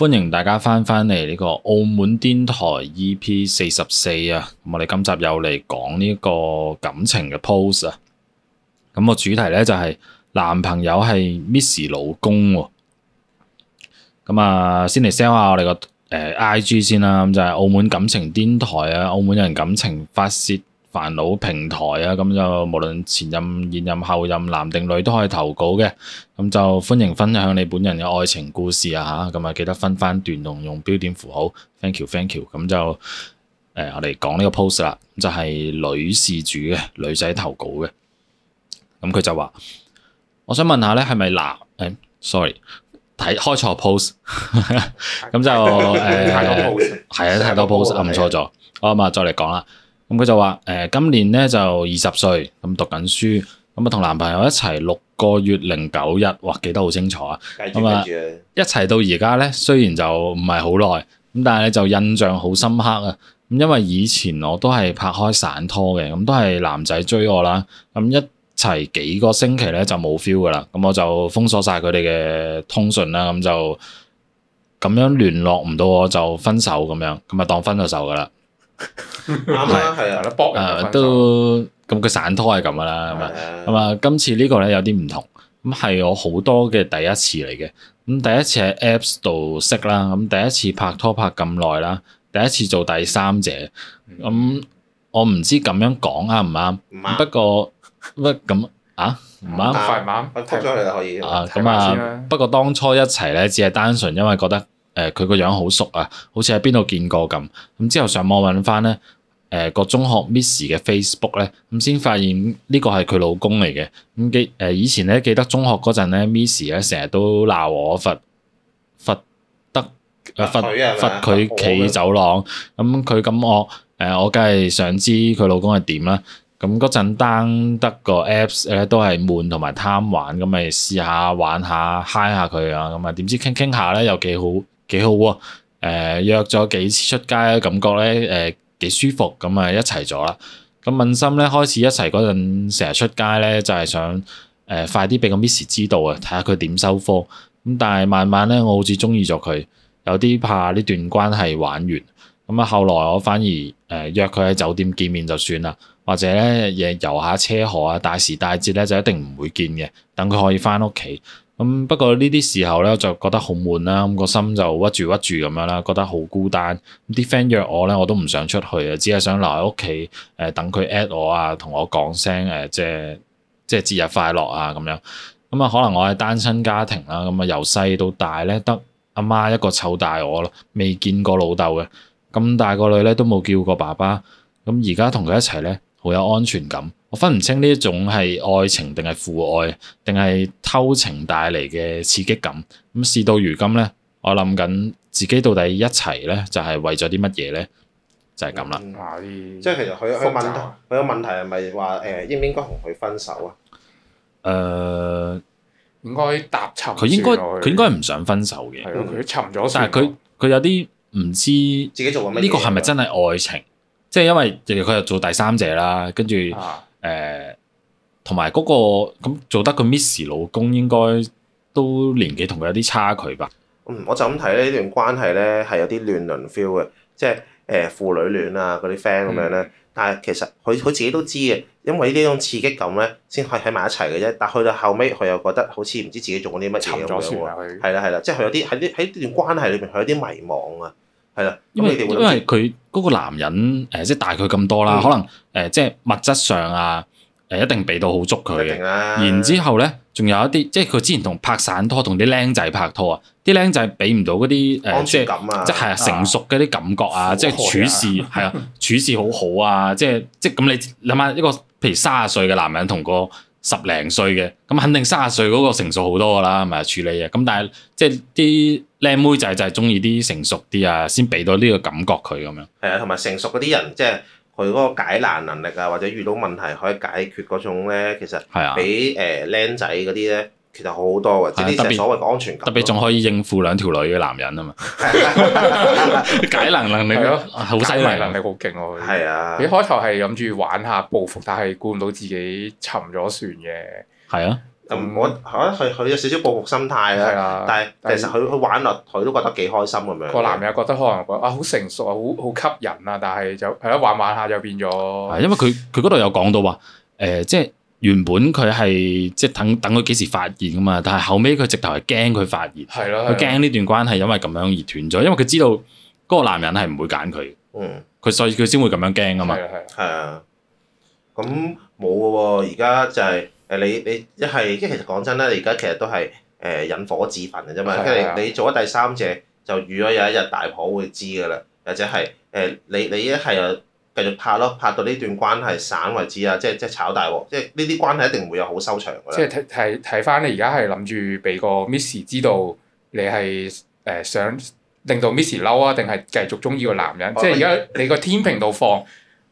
歡迎大家返返嚟呢個澳門癲台 EP 四十四啊！我哋今集又嚟講呢個感情嘅 post 啊！咁個主題呢，就係男朋友係 miss 老公，啊，咁啊先嚟 sell 下我哋個誒 IG 先啦，咁就係澳門感情癲台啊！澳門有人感情發洩，煩惱平台啊，咁就無論前任、現任、後任，男定女都可以投稿嘅，咁就歡迎分享你本人嘅愛情故事啊吓，咁啊記得分翻段同用標點符號，thank you，thank you，咁就誒我哋講呢個 post 啦，就係女事主嘅女仔投稿嘅，咁佢就話我想問下咧，係咪嗱誒？sorry，睇開錯 post，咁就誒，係啊，太多 post 撳錯咗，好，咁啊再嚟講啦。咁佢就話，誒、嗯呃，今年咧就二十歲，咁、嗯、讀緊書，咁啊同男朋友一齊六個月零九日，哇，記得好清楚啊。咁啊，一齊到而家咧，雖然就唔係好耐，咁但係咧就印象好深刻啊。咁、嗯、因為以前我都係拍開散拖嘅，咁、嗯、都係男仔追我啦，咁、嗯、一齊幾個星期咧就冇 feel 噶啦，咁、嗯、我就封鎖晒佢哋嘅通訊啦，咁、嗯、就咁樣聯絡唔到我就分手咁樣，咁啊當分咗手噶啦。 啱係啊，都咁個散拖係咁噶啦，咁啊今次呢個咧有啲唔同，咁係我好多嘅第一次嚟嘅，咁第一次喺 Apps 度識啦，咁第一次拍拖拍咁耐啦，第一次做第三者，咁我唔知咁樣講啱唔啱，不過乜咁啊唔啱，快慢？啱，我踢出嚟就可以啊，咁啊，不過當初一齊咧只係單純因為覺得誒佢個樣好熟啊，好似喺邊度見過咁，咁之後上網揾翻咧。誒個中學 Miss 嘅 Facebook 咧，咁先發現呢個係佢老公嚟嘅。咁記誒以前咧，記得中學嗰陣咧，Miss 咧成日都鬧我罰罰得誒罰佢企走廊。咁佢咁惡，誒，我梗係想知佢老公係點啦。咁嗰陣 down 得個 Apps 咧，都係悶同埋貪玩，咁咪試下玩下嗨下佢啊。咁啊點知傾傾下咧又幾好幾好喎。誒約咗幾次出街，感覺咧誒，幾舒服，咁啊一齊咗啦。咁問心咧，開始一齊嗰陣，成日出街咧就係、是、想誒快啲俾個 miss 知道啊，睇下佢點收科。咁但係慢慢咧，我好似中意咗佢，有啲怕呢段關係玩完。咁、嗯、啊後來我反而誒、呃、約佢喺酒店見面就算啦，或者咧夜遊下車河啊，大時大節咧就一定唔會見嘅，等佢可以返屋企。咁、嗯、不過呢啲時候咧，我就覺得好悶啦、啊，咁、嗯、個心就屈住屈住咁樣啦，覺得好孤單。啲 friend 約我咧，我都唔想出去啊，只係想留喺屋企誒等佢 at 我啊，同我講聲誒、呃、即係即係節日快樂啊咁樣。咁、嗯、啊，可能我係單親家庭啦、啊，咁、嗯、啊由細到大咧得阿媽一個湊大我咯，未見過老豆嘅。咁大個女咧都冇叫過爸爸。咁而家同佢一齊咧，好有安全感，我分唔清呢一種係愛情定係父愛，定係偷情帶嚟嘅刺激感。咁事到如今咧，我諗緊自己到底一齊咧就係為咗啲乜嘢咧，就係咁啦。問問即係其實佢有個問題佢個問題係咪話誒應唔應該同佢分手啊？誒、呃，應該踏尋。佢應該佢應該唔想分手嘅，佢沉咗。但係佢佢有啲唔知自己做緊咩？呢個係咪真係愛情？即係因為佢又做第三者啦，跟住誒同埋嗰個咁做得個 Miss 老公應該都年紀同佢有啲差距吧。嗯，我就咁睇咧，呢段關係咧係有啲亂倫 feel 嘅，即係誒父女戀啊嗰啲 friend 咁樣咧。但係其實佢佢自己都知嘅，因為呢啲種刺激感咧先可以喺埋一齊嘅啫。但去到後尾，佢又覺得好似唔知自己做過啲乜嘢咁，係啦係啦，即係佢有啲喺啲喺呢段關係裏面佢有啲迷惘啊。係啦，因為因為佢嗰個男人誒，即、呃、係、就是、大佢咁多啦，的可能誒，即、呃、係、就是、物質上啊，誒、呃，一定俾到好足佢嘅。的然之後咧，仲有一啲，即係佢之前同拍散拖，同啲僆仔拍拖、呃、啊，啲僆仔俾唔到嗰啲誒，即係即係成熟嗰啲感覺啊，的即係處事係啊的，處事好好啊，即係即係咁你諗下一個，譬如卅歲嘅男人同個。十零歲嘅，咁肯定三十歲嗰個成熟好多噶啦，咪處理啊！咁但係即係啲靚妹仔就係中意啲成熟啲啊，先俾到呢個感覺佢咁樣。係啊，同埋成熟嗰啲人，即係佢嗰個解難能力啊，或者遇到問題可以解決嗰種咧，其實係啊俾靚仔嗰啲咧。其實好多喎，即係啲所謂安全感，特別仲可以應付兩條女嘅男人啊嘛， 解能能力咯，好犀利，能力好勁喎，係啊，你、啊、開頭係諗住玩下報復，但係估唔到自己沉咗船嘅，係啊，咁、嗯、我覺得係佢有少少報復心態啦，啊、但係其實佢佢是玩落佢都覺得幾開心咁樣，個男人覺得可能覺得啊好成熟啊，好好吸引啊，但係就係一玩玩，玩一下就變咗、啊，因為佢佢嗰度有講到話誒，即、呃、係。就是原本佢係即係等等佢幾時發現㗎嘛，但係後尾佢直頭係驚佢發現，佢驚呢段關係因為咁樣而斷咗，因為佢知道嗰個男人係唔會揀佢，佢、嗯、所以佢先會咁樣驚㗎嘛。係啊，咁冇喎，而家就係、是、誒你你一係即係其實講真啦，你而家其實都係誒、呃、引火自焚嘅啫嘛。係啊的，的你做咗第三者，就預咗有一日大婆會知㗎啦，或者係誒、呃、你你一係繼續拍咯，拍到呢段關係散為止啊！即係即係炒大鑊，即係呢啲關係一定唔會有好收場㗎。即係睇睇睇翻你，而家係諗住俾個 Miss 知道你係誒、呃、想令到 Miss 嬲啊，定係繼續中意個男人？哦、即係而家你個天平度放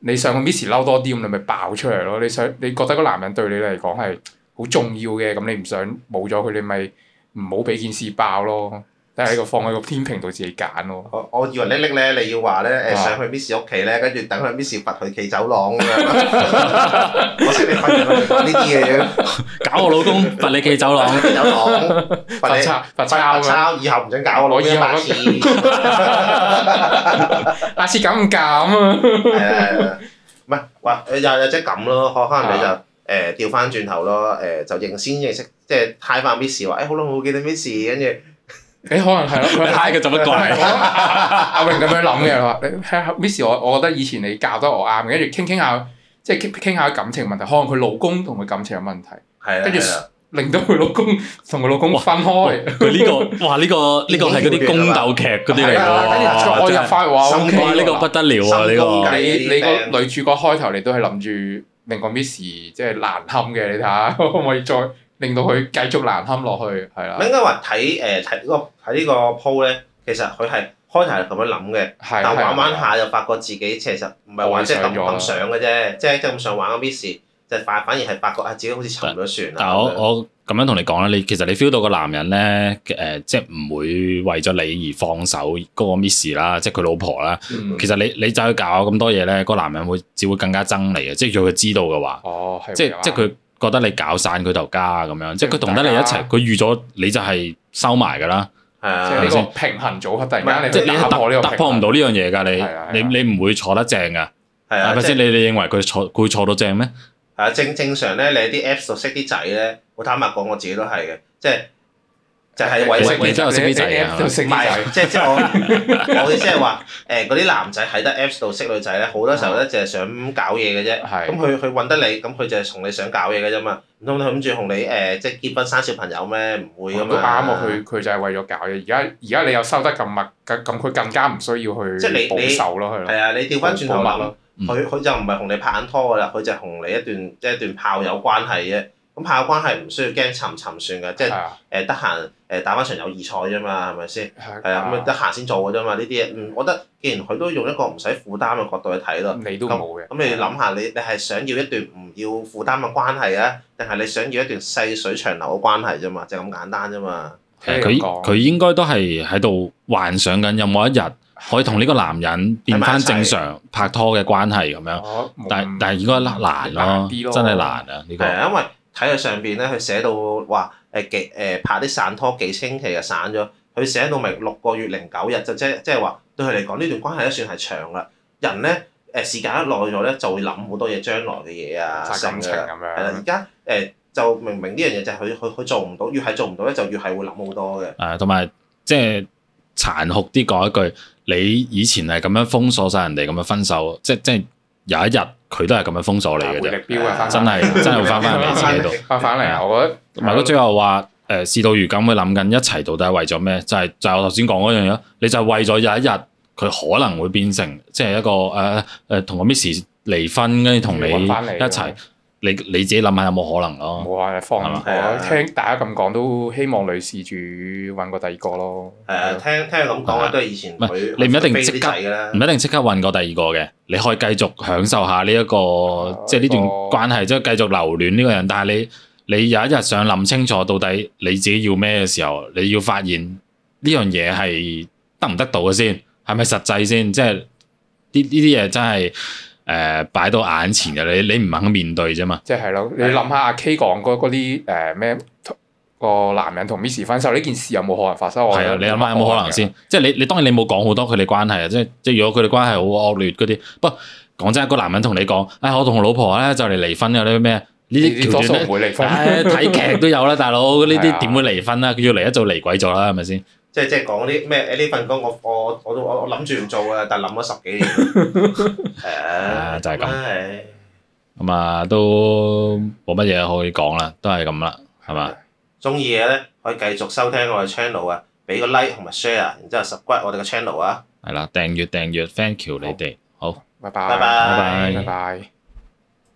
你上個 Miss 嬲多啲咁，你咪爆出嚟咯！你想你覺得個男人對你嚟講係好重要嘅，咁你唔想冇咗佢，你咪唔好俾件事爆咯。但係放喺個天平度自己揀喎。我以為你拎咧，你要話咧，誒、呃、上去 Miss 屋企咧，跟住等佢 Miss 罰佢企走廊咁樣。我識你罰人呢啲嘢搞我老公，罰你企走廊。企走廊，罰你罰抄，以後唔準搞我攞二百字。下次敢唔敢啊？係啊係啊，唔係，又或者咁咯，可能你就誒調翻轉頭咯，誒、啊欸呃、就認先認識，即係睇翻 Miss 話，誒、欸、好啦，我記得 Miss，跟住。誒，可能係咯，拉佢 做乜鬼？阿榮咁樣諗嘅，話 miss 我，ie, 我覺得以前你教得我啱，跟住傾傾下，即係傾傾下感情問題。可能佢老公同佢感情有問題， 跟住令到佢老公同佢老公分開。佢呢、這個，哇呢、這個呢、這個係嗰啲宮鬥劇嗰啲嚟嘅， 說 OK, 說得哇！我入翻話哇，呢個不得了啊！呢個你你，、嗯、你，你個女主角開頭你都係諗住令個 miss ie, 即係難堪嘅，你睇下可唔可以再？令到佢繼續難堪落去，係啦。我應該話睇誒睇個睇呢個鋪咧，其實佢係開頭係咁樣諗嘅，的但玩玩下就發覺自己其實唔係、就是、玩，即係咁咁想嘅啫，即係咁想玩個 miss，就反反而係發覺係自己好似沉咗船啦但,但我我咁樣同你講啦，你其實你 feel 到個男人咧誒、呃，即係唔會為咗你而放手嗰個 miss 啦，即係佢老婆啦。嗯、其實你你走去搞咁多嘢咧，個男人會只會更加憎你嘅，即係叫佢知道嘅話，哦、是是即係即係佢。覺得你搞散佢頭家咁樣，即係佢同得你一齊，佢預咗你就係收埋噶啦。係啊，即係呢個平衡組合突然間唔是你即係你突破呢個突破唔到呢樣嘢㗎，你、啊、你、啊、你唔會坐得正㗎。係咪先？是是即你你認為佢坐佢會坐到正咩？係啊，正正常咧，你啲 Apps 熟識，啲仔咧。我坦白講，我自己都係嘅，即係。就係為識，然之後識啲仔啊，都識埋。即即、即係、我 我意思係話誒，嗰啲男仔喺得 Apps 度識女仔咧，好多時候咧就係想搞嘢嘅啫。咁佢佢揾得你，咁佢就係同你想搞嘢嘅啫嘛。唔通你諗住同你誒即結婚生小朋友咩？唔會咁樣。啱佢佢就係為咗搞嘢。而家而家你又收得咁密，咁佢更加唔需要去即你你保守咯，係啦。係啊，你調翻轉頭諗，佢佢就唔係同你拍緊拖㗎啦，佢、嗯、就係同你一段即一,一段炮友關係啫。咁拍下關係唔需要驚沉沉算嘅，即係誒得閒誒打翻場友誼賽啫嘛，係咪先？係啊。咁啊得閒先做㗎啫嘛，呢啲咧，嗯，我覺得既然佢都用一個唔使負擔嘅角度去睇咯，你都冇嘅。咁你諗下，你你係想要一段唔要負擔嘅關係啊？定係你想要一段細水長流嘅關係啫嘛，就咁簡單啫嘛。佢佢應該都係喺度幻想緊有冇一日可以同呢個男人變翻正常拍拖嘅關係咁樣。但係但係應該難咯，真係難啊呢個。係因為。睇佢上邊咧，佢寫到話誒幾誒、呃、拍啲散拖幾清奇啊散咗，佢寫到咪六個月零九日，就即即係話對佢嚟講呢段關係都算係長啦。人咧誒時間一耐咗咧，就會諗好多嘢，將來嘅嘢啊，感情咁樣。而家誒就明明呢樣嘢就係佢佢佢做唔到，越係做唔到咧就越係會諗好多嘅。誒同埋即係殘酷啲講一句，你以前係咁樣封鎖晒人哋，咁樣分手，即係、即係、有一日。佢都係咁樣封鎖你嘅啫，真係的來真係翻翻嚟自己度。翻返嚟啊！來我覺得，埋到最後話，誒、呃，事到如今，佢諗緊一齊到底係為咗咩？就係、是、就係、是、我頭先講嗰樣嘢咯。你就係為咗有一日，佢可能會變成即係、就是、一個誒誒，同、呃呃呃、個 Miss 離婚，跟住同你一齊。你你自己諗下有冇可能咯？我係放唔過，聽大家咁講都希望女事主揾個第二個咯。係啊，聽聽佢咁講啊，吧都係以前你唔是一定即刻，唔一定即刻揾個第二個嘅，吧你可以繼續享受下呢、這、一個，吧即係呢段關係，即係繼續留戀呢個人。但係你你有一日想諗清楚到底你自己要咩嘅時候，你要發現呢樣嘢係得唔得到嘅先，係咪實際先？即係呢呢啲嘢真係。就是誒、呃、擺到眼前嘅你，你唔肯面對啫嘛？即係咯，你諗下阿 K 講嗰啲誒咩個男人同 Miss 分手呢件事有冇可能發生？係啊，你諗下有冇可,可能先？即係你你當然你冇講好多佢哋關係,關係、哎、啊！即即如果佢哋關係好惡劣嗰啲，不過講真，個男人同你講，哎我同老婆咧就嚟離婚嘅，你咩？呢啲橋段都誒睇劇都有啦，大佬呢啲點會離婚啊？佢要嚟一早離鬼咗啦，係咪先？即係即係講啲咩？誒呢份工我我我都我我諗住唔做啊！但係諗咗十幾年。係啊，啊，啊，啊，就係、是、咁。咁、嗯、啊，都冇乜嘢可以講啦，都係咁啦，係嘛？中意嘅咧，可以繼續收聽我嘅 channel 啊，俾個 like 同埋 share，然之後 subscribe 我哋嘅 channel 啊。係啦，訂閱訂閱，thank you 你哋。好，拜拜，拜拜，拜拜。